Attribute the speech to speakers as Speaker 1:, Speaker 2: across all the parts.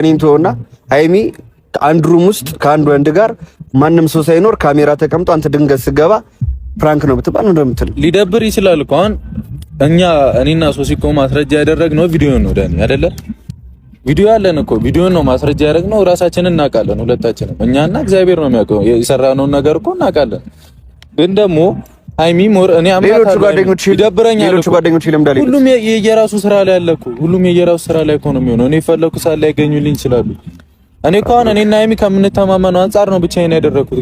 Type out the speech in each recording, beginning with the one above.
Speaker 1: እኔን ተወውና ሀይሚ አንድ ሩም ውስጥ ከአንድ ወንድ ጋር ማንም ሰው ሳይኖር ካሜራ ተቀምጦ አንተ ድንገት ስገባ ፕራንክ ነው ብትባል
Speaker 2: ነው እንደምትል ሊደብር ይችላል እኮ አሁን እኛ እኔና ሶሲ እኮ ማስረጃ ያደረግነው ቪዲዮ ነው ዳኒ አይደለ ቪዲዮ ያለን እኮ ቪዲዮ ነው ማስረጃ ያደረግነው ራሳችንን እናውቃለን ሁለታችንም እኛና እግዚአብሔር ነው የሚያውቀው የሰራነውን ነገር እኮ እናውቃለን ግን ደግሞ ሀይሚ ሞር እኔ ሌሎቹ ጓደኞች ይደብረኛል። ሌሎቹ ጓደኞች ይለምዳል። ሁሉም የየራሱ ስራ ላይ አለ እኮ ሁሉም የየራሱ ስራ ላይ እኮ ነው የሚሆነው። እኔ ፈለኩ ሳል ላይ ያገኙልኝ ይችላሉ። እኔ እኮ አሁን እኔና ሀይሚ ከምንተማመነው አንጻር ነው ብቻዬን ያደረኩት።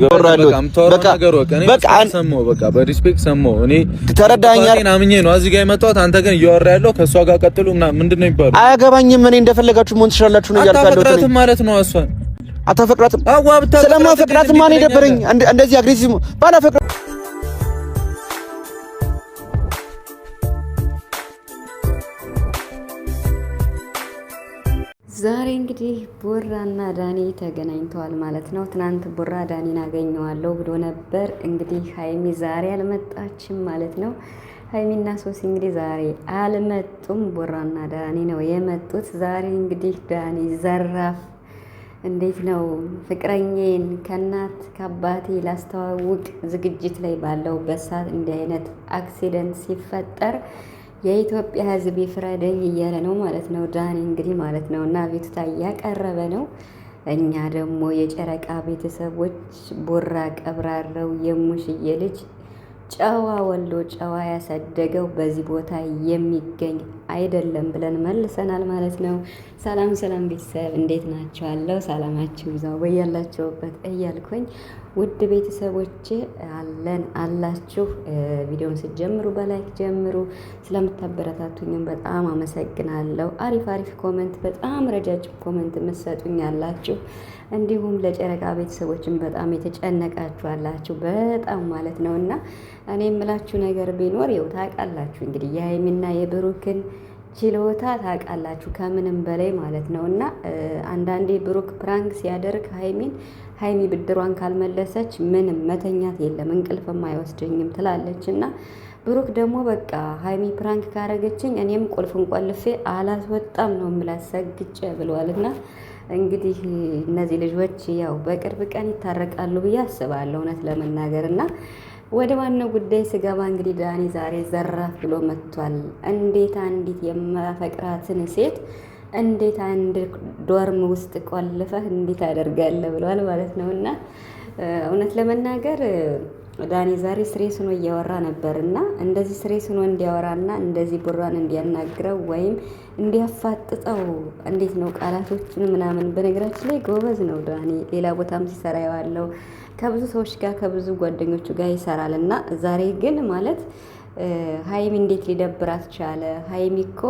Speaker 2: በቃ በሪስፔክት ሰማሁ። እኔ ተረዳኛል አምኜ ነው እዚህ ጋር የመጣሁት። አንተ ግን እያወራ ያለው ከእሷ ጋር ቀጥሉ ምናምን ምንድን ነው የሚባለው? አያገባኝም። እኔ እንደፈለጋችሁ መሆን ትችላላችሁ ነው እያልኩ ያለሁት። አታፍቅራትም ማለት ነው እሷን አታፈቅራትም። ስለማፈቅራትማ ማን ይደብረኝ እንደዚህ አግሬሲቭ ባላፈቅራት
Speaker 3: እንግዲህ ቡራና ዳኒ ተገናኝተዋል ማለት ነው። ትናንት ቡራ ዳኒን አገኘዋለሁ ብሎ ነበር። እንግዲህ ሀይሚ ዛሬ አልመጣችም ማለት ነው። ሀይሚና ሶሲ እንግዲህ ዛሬ አልመጡም። ቡራና ዳኒ ነው የመጡት ዛሬ። እንግዲህ ዳኒ ዘራፍ እንዴት ነው ፍቅረኛዬን ከእናት ከአባቴ ላስተዋውቅ ዝግጅት ላይ ባለው በሳት እንዲህ አይነት አክሲደንት ሲፈጠር የኢትዮጵያ ሕዝብ ይፍረደኝ እያለ ነው ማለት ነው። ዳኒ እንግዲህ ማለት ነው እና ቤቱታ እያቀረበ ነው። እኛ ደግሞ የጨረቃ ቤተሰቦች ቦራ ቀብራረው የሙሽዬ ልጅ ጨዋ ወሎ ጨዋ ያሳደገው በዚህ ቦታ የሚገኝ አይደለም ብለን መልሰናል ማለት ነው። ሰላም ሰላም ቤተሰብ እንዴት ናቸዋለሁ? ሰላማችሁ ይብዛ በያላችሁበት እያልኩኝ ውድ ቤተሰቦች አለን አላችሁ። ቪዲዮን ስትጀምሩ በላይክ ጀምሩ። ስለምታበረታቱኝም በጣም አመሰግናለሁ። አሪፍ አሪፍ ኮመንት፣ በጣም ረጃጅም ኮመንት የምትሰጡኝ አላችሁ። እንዲሁም ለጨረቃ ቤተሰቦችን በጣም የተጨነቃችሁ አላችሁ። በጣም ማለት ነው እና እኔ የምላችሁ ነገር ቢኖር ያው ታውቃላችሁ እንግዲህ የሀይሚና የብሩክን ችሎታ ታውቃላችሁ ከምንም በላይ ማለት ነው። እና አንዳንዴ ብሩክ ፕራንክ ሲያደርግ ሀይሚን ሀይሚ ብድሯን ካልመለሰች ምንም መተኛት የለም እንቅልፍም አይወስደኝም ትላለች እና ብሩክ ደግሞ በቃ ሀይሚ ፕራንክ ካረገችኝ እኔም ቁልፍን ቆልፌ አላስወጣም ነው የምላሰግጭ ብለዋል። እና እንግዲህ እነዚህ ልጆች ያው በቅርብ ቀን ይታረቃሉ ብዬ አስባለሁ እውነት ለመናገር እና ወደ ዋናው ጉዳይ ስገባ እንግዲህ ዳኒ ዛሬ ዘራፍ ብሎ መጥቷል። እንዴት አንዲት የማፈቅራትን ሴት እንዴት አንድ ዶርም ውስጥ ቆልፈህ እንዴት አደርጋለህ ብለዋል ማለት ነው። እና እውነት ለመናገር ዳኒ ዛሬ ስሬስ ሆኖ እያወራ ነበር እና እንደዚህ ስሬስ ሆኖ እንዲያወራና እንደዚህ ቡራን እንዲያናግረው ወይም እንዲያፋጥጠው እንዴት ነው ቃላቶችን ምናምን። በነገራችን ላይ ጎበዝ ነው ዳኒ፣ ሌላ ቦታም ሲሰራ የዋለው ከብዙ ሰዎች ጋር ከብዙ ጓደኞቹ ጋር ይሰራል እና ዛሬ ግን ማለት ሀይሚ እንዴት ሊደብራት ቻለ? ሀይሚ እኮ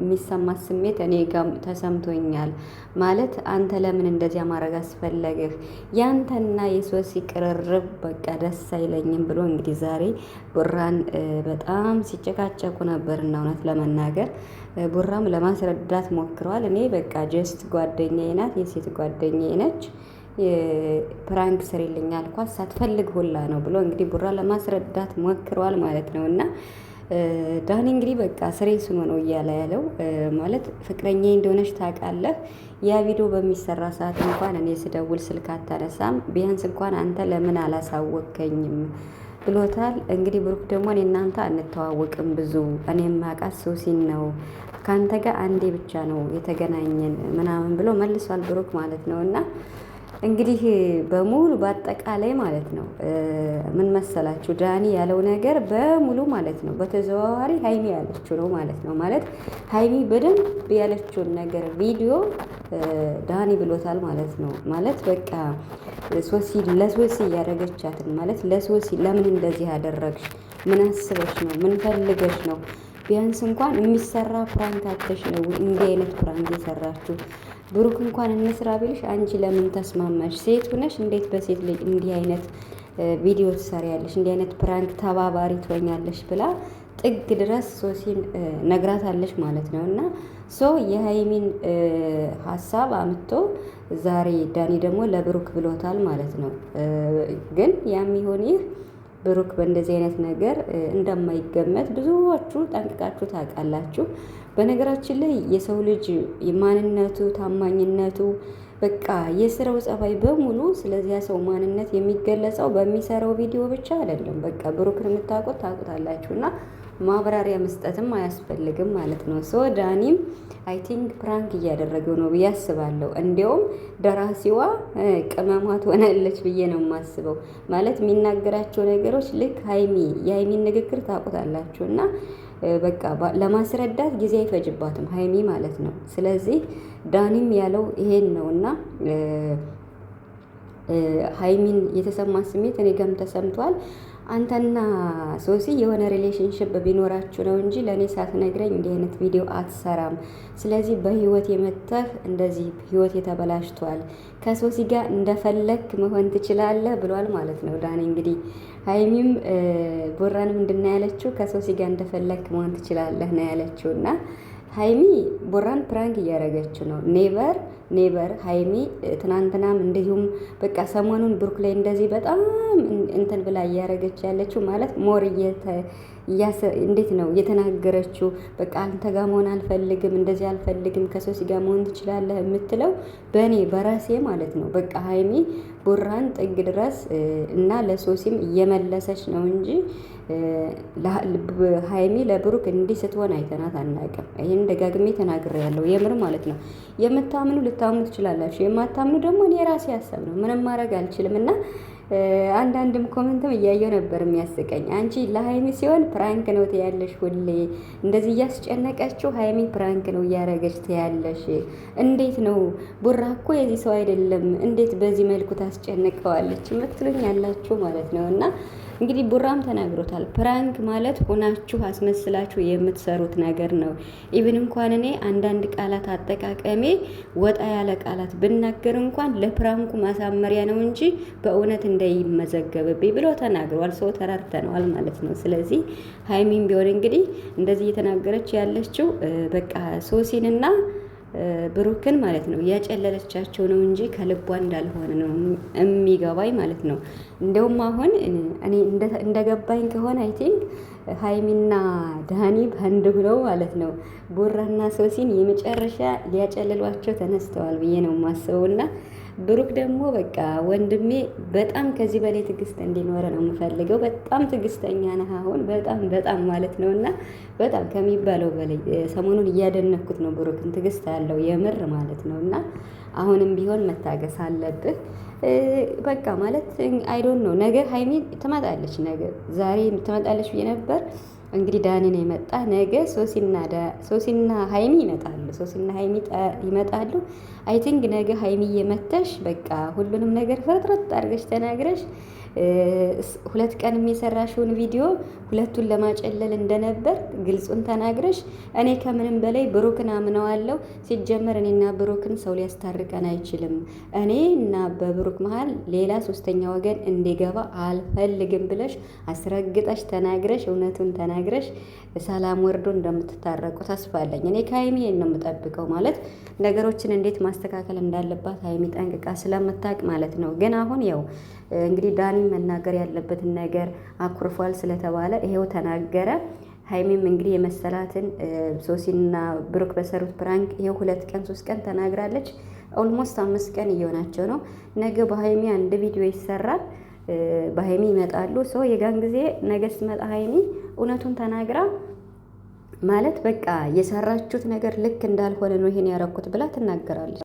Speaker 3: የሚሰማት ስሜት እኔ ጋም ተሰምቶኛል። ማለት አንተ ለምን እንደዚያ ማድረግ አስፈለግህ? ያንተና የሶሲ ቅርርብ በቃ ደስ አይለኝም ብሎ እንግዲህ ዛሬ ቡራን በጣም ሲጨቃጨቁ ነበር እና እውነት ለመናገር ቡራም ለማስረዳት ሞክረዋል። እኔ በቃ ጀስት ጓደኛዬ ናት፣ የሴት ጓደኛዬ ነች ፕራንክ ስሪልኝ አልኳት ሳትፈልግ ሁላ ነው ብሎ እንግዲህ ቡራ ለማስረዳት ሞክሯል ማለት ነው እና ዳኒ እንግዲህ በቃ ስሬ ስኖ ነው እያለ ያለው ማለት ፍቅረኛ እንደሆነች ታውቃለህ። ያ ቪዲዮ በሚሰራ ሰዓት እንኳን እኔ ስደውል ስልክ አታነሳም፣ ቢያንስ እንኳን አንተ ለምን አላሳወቀኝም ብሎታል። እንግዲህ ብሩክ ደግሞ እኔ እናንተ አንተዋወቅም ብዙ እኔ ማቃት ሶሲን ነው ከአንተ ጋር አንዴ ብቻ ነው የተገናኘን ምናምን ብሎ መልሷል ብሩክ ማለት ነው እና እንግዲህ በሙሉ በአጠቃላይ ማለት ነው ምን መሰላችሁ ዳኒ ያለው ነገር በሙሉ ማለት ነው በተዘዋዋሪ ሀይሚ ያለችው ነው ማለት ነው። ማለት ሀይሚ በደንብ ያለችውን ነገር ቪዲዮ ዳኒ ብሎታል ማለት ነው። ማለት በቃ ሶሲ ለሶሲ እያደረገቻትን ማለት ለሶሲ ለምን እንደዚህ አደረግሽ? ምን አስበሽ ነው? ምን ፈልገሽ ነው? ቢያንስ እንኳን የሚሰራ ፕራንክ አተሽ ነው እንዲህ አይነት ፕራንክ የሰራችሁ ብሩክ እንኳን እንስራ ቢልሽ አንቺ ለምን ተስማማሽ? ሴት ሁነሽ እንዴት በሴት ልጅ እንዲህ አይነት ቪዲዮ ትሰሪያለሽ? እንዲህ አይነት ፕራንክ ተባባሪ ትሆኛለሽ? ብላ ጥግ ድረስ ሶሲን ነግራታለሽ ማለት ነው። እና ሶ የሀይሚን ሀሳብ አምጥቶ ዛሬ ዳኒ ደግሞ ለብሩክ ብሎታል ማለት ነው። ግን ያም ይሆን ይህ ብሩክ በእንደዚህ አይነት ነገር እንደማይገመት ብዙዎቹ ጠንቅቃችሁ ታውቃላችሁ። በነገራችን ላይ የሰው ልጅ ማንነቱ፣ ታማኝነቱ በቃ የስራው ጸባይ በሙሉ ስለዚያ ሰው ማንነት የሚገለጸው በሚሰራው ቪዲዮ ብቻ አይደለም። በቃ ብሩክን የምታውቁት ታውቁታላችሁ እና ማብራሪያ መስጠትም አያስፈልግም ማለት ነው። ሶ ዳኒም አይ ቲንክ ፕራንክ እያደረገው ነው ብዬ አስባለሁ። እንዲያውም ደራሲዋ ቅመማት ትሆናለች ብዬ ነው የማስበው። ማለት የሚናገራቸው ነገሮች ልክ ሀይሚ የሀይሚን ንግግር ታውቁታላችሁ እና በቃ ለማስረዳት ጊዜ አይፈጅባትም ሀይሚ ማለት ነው። ስለዚህ ዳኒም ያለው ይሄን ነው እና ሀይሚን የተሰማ ስሜት እኔ ጋም ተሰምቷል። አንተና ሶሲ የሆነ ሪሌሽንሽፕ ቢኖራችሁ ነው እንጂ ለእኔ ሳትነግረኝ እንዲህ አይነት ቪዲዮ አትሰራም። ስለዚህ በህይወት የመተህ እንደዚህ ህይወት የተበላሽቷል፣ ከሶሲ ጋር እንደፈለክ መሆን ትችላለህ ብሏል ማለት ነው ዳኒ። እንግዲህ ሀይሚም ቦራንም ምንድን ነው ያለችው? ከሶሲ ጋር እንደፈለክ መሆን ትችላለህ ነው ያለችው እና ሀይሚ ቦራን ፕራንክ እያደረገችው ነው። ኔቨር ኔቨር ሀይሚ ትናንትናም እንዲሁም በቃ ሰሞኑን ብሩክ ላይ እንደዚህ በጣም እንትን ብላ እያደረገች ያለችው ማለት ሞር እየተ እንዴት ነው እየተናገረችው? በቃ አንተ ጋር መሆን አልፈልግም፣ እንደዚህ አልፈልግም፣ ከሶሲ ጋር መሆን ትችላለህ የምትለው በእኔ በራሴ ማለት ነው። በቃ ሀይሚ ቡራን ጥግ ድረስ እና ለሶሲም እየመለሰች ነው እንጂ ሀይሚ ለብሩክ እንዲህ ስትሆን አይተናት አናውቅም። ይህን ደጋግሜ ያለው የምር ማለት ነው። የምታምኑ ልታምኑ ትችላላችሁ፣ የማታምኑ ደግሞ እኔ ራሴ ሀሳብ ነው። ምንም ማድረግ አልችልም እና አንዳንድም ኮመንትም እያየው ነበር የሚያስቀኝ። አንቺ ለሀይሚ ሲሆን ፕራንክ ነው ትያለሽ፣ ሁሌ እንደዚህ እያስጨነቀችው ሀይሚ ፕራንክ ነው እያረገች ትያለሽ። እንዴት ነው ቡራ እኮ የዚህ ሰው አይደለም፣ እንዴት በዚህ መልኩ ታስጨንቀዋለች? ምትሉኝ ያላችሁ ማለት ነው እና እንግዲህ ቡራም ተናግሮታል። ፕራንክ ማለት ሆናችሁ አስመስላችሁ የምትሰሩት ነገር ነው። ኢብን እንኳን እኔ አንዳንድ ቃላት አጠቃቀሜ ወጣ ያለ ቃላት ብናገር እንኳን ለፕራንኩ ማሳመሪያ ነው እንጂ በእውነት እንዳይመዘገብብኝ ብሎ ተናግሯል። ሰው ተራርተነዋል ማለት ነው። ስለዚህ ሀይሚም ቢሆን እንግዲህ እንደዚህ እየተናገረች ያለችው በቃ ሶሲንና ብሩክን ማለት ነው ያጨለለቻቸው ነው እንጂ ከልቧ እንዳልሆነ ነው የሚገባኝ ማለት ነው። እንደውም አሁን እኔ እንደገባኝ ከሆነ አይ ቲንክ ሀይሚና ዳኒ በአንድ ብለው ማለት ነው ቦራና ሶሲን የመጨረሻ ሊያጨልሏቸው ተነስተዋል ብዬ ነው እና። ብሩክ ደግሞ በቃ ወንድሜ በጣም ከዚህ በላይ ትዕግስት እንዲኖረ ነው የምፈልገው። በጣም ትዕግስተኛ ነህ አሁን በጣም በጣም ማለት ነው። እና በጣም ከሚባለው በላይ ሰሞኑን እያደነኩት ነው ብሩክን፣ ትዕግስት ያለው የምር ማለት ነው። እና አሁንም ቢሆን መታገስ አለብህ በቃ ማለት አይዶን ነው። ነገ ሀይሚ ትመጣለች፣ ነገ ዛሬ ትመጣለች ብዬ ነበር እንግዲህ ዳኒ ነው የመጣ። ነገ ሶሲና ሀይሚ ይመጣሉ። ሶሲና ሀይሚ ይመጣሉ። አይ ቲንክ ነገ ሀይሚ መተሽ በቃ ሁሉንም ነገር ፈጥረት አድርገሽ ተናግረሽ ሁለት ቀን የሰራሽውን ቪዲዮ ሁለቱን ለማጨለል እንደነበር ግልጹን ተናግረሽ፣ እኔ ከምንም በላይ ብሩክን አምነዋለሁ። ሲጀመር እኔና ብሩክን ሰው ሊያስታርቀን አይችልም። እኔ እና በብሩክ መሀል ሌላ ሶስተኛ ወገን እንዲገባ አልፈልግም ብለሽ አስረግጠሽ ተናግረሽ፣ እውነቱን ተናግረሽ ሰላም ወርዶ እንደምትታረቁ ተስፋ አለኝ። እኔ ከሀይሚ ነው የምጠብቀው ማለት ነገሮችን እንዴት ማስተካከል እንዳለባት ሀይሚ ጠንቅቃ ስለምታውቅ ማለት ነው። ግን አሁን ያው እንግዲህ ዳኒ መናገር ያለበትን ነገር አኩርፏል ስለተባለ ይሄው ተናገረ። ሀይሚም እንግዲህ የመሰላትን ሶሲና ብሩክ በሰሩት ፕራንክ ይሄው ሁለት ቀን ሶስት ቀን ተናግራለች። ኦልሞስት አምስት ቀን እየሆናቸው ነው። ነገ በሀይሚ አንድ ቪዲዮ ይሰራል። በሀይሚ ይመጣሉ። ሰው የጋን ጊዜ ነገ ስትመጣ ሀይሚ እውነቱን ተናግራ ማለት በቃ የሰራችሁት ነገር ልክ እንዳልሆነ ነው ይሄን ያረኩት ብላ ትናገራለች።